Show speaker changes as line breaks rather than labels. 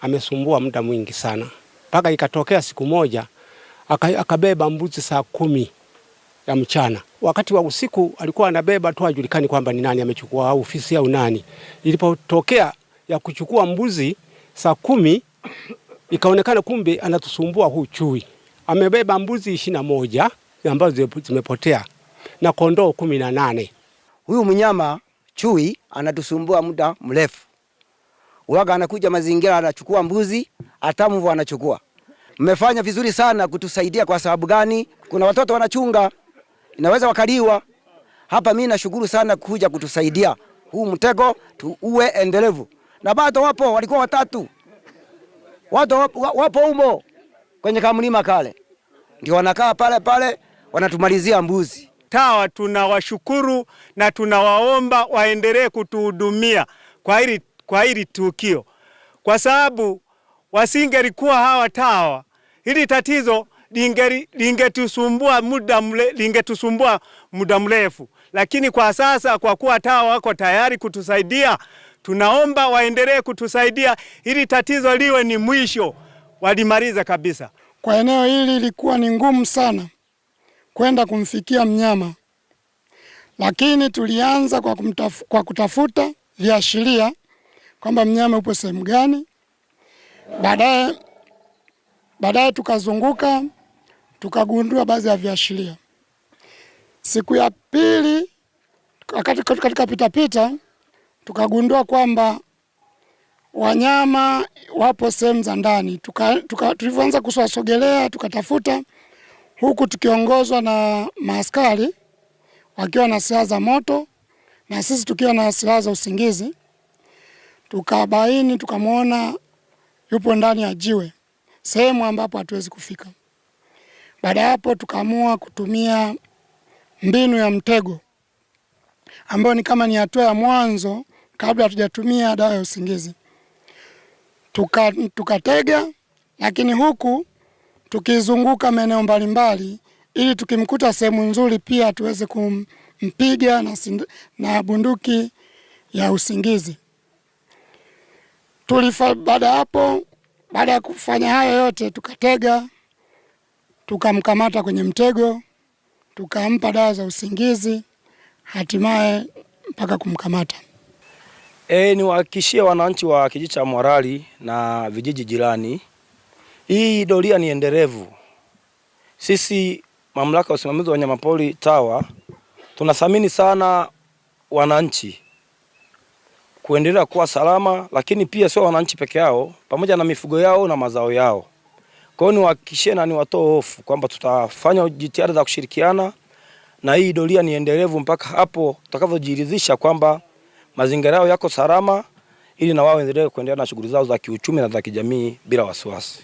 Amesumbua muda mwingi sana, mpaka ikatokea siku moja akabeba mbuzi saa kumi ya mchana. Wakati wa usiku alikuwa anabeba tu, hajulikani kwamba ni nani amechukua au ofisi au nani. Ilipotokea ya kuchukua mbuzi saa kumi ikaonekana kumbe anatusumbua huu chui. Amebeba mbuzi ishirini na moja ambazo zimepotea na kondoo kumi na nane.
Huyu mnyama chui anatusumbua muda mrefu, waga anakuja mazingira, anachukua mbuzi, atamvu anachukua. Mmefanya vizuri sana kutusaidia. Kwa sababu gani? Kuna watoto wanachunga, inaweza wakaliwa hapa. Mimi nashukuru sana kuja kutusaidia huu mtego, tuue endelevu. Na bado wapo, walikuwa watatu, watu wapo humo kwenye kamlima kale, ndio wanakaa pale pale, wanatumalizia mbuzi.
TAWA tunawashukuru na tunawaomba waendelee kutuhudumia kwa hili kwa hili tukio, kwa sababu wasingelikuwa hawa TAWA hili tatizo lingetusumbua muda mre, lingetusumbua muda mrefu, lakini kwa sasa kwa kuwa TAWA wako tayari kutusaidia, tunaomba waendelee kutusaidia ili tatizo liwe ni mwisho walimaliza kabisa.
Kwa eneo hili ilikuwa ni ngumu sana kwenda kumfikia mnyama, lakini tulianza kwa, kumtaf, kwa kutafuta viashiria kwamba mnyama upo sehemu gani. Baadaye baadaye tukazunguka tukagundua baadhi ya viashiria. Siku ya pili katika pitapita tukagundua kwamba wanyama wapo sehemu za ndani. Tulivyoanza tuka, tuka, tukatafuta huku tukiongozwa na maaskari wakiwa na silaha za moto na sisi tukiwa na silaha za usingizi. Tukabaini, tukamwona yupo ndani ya jiwe, sehemu ambapo hatuwezi kufika. Baada ya hapo, tukaamua kutumia mbinu ya mtego ambayo ni kama ni hatua ya mwanzo kabla hatujatumia dawa ya usingizi. Tukatega tuka, lakini huku tukizunguka maeneo mbalimbali, ili tukimkuta sehemu nzuri pia tuweze kumpiga na, na bunduki ya usingizi. Baada hapo, baada ya kufanya hayo yote, tukatega tukamkamata kwenye mtego, tukampa dawa za usingizi, hatimaye mpaka kumkamata.
E, niwahakikishie wananchi wa kijiji cha Mwarali na vijiji jirani hii doria ni endelevu. Sisi mamlaka ya usimamizi wa wanyamapori TAWA tunathamini sana wananchi kuendelea kuwa salama, lakini pia sio wananchi peke yao, pamoja na mifugo yao na mazao yao. Kwa hiyo niwahakikishie na niwatoe hofu kwamba tutafanya jitihada za kushirikiana na hii doria ni endelevu mpaka hapo tutakavyojiridhisha kwamba mazingira yao yako salama, ili na wao endelee kuendelea na shughuli zao za kiuchumi na za kijamii bila wasiwasi.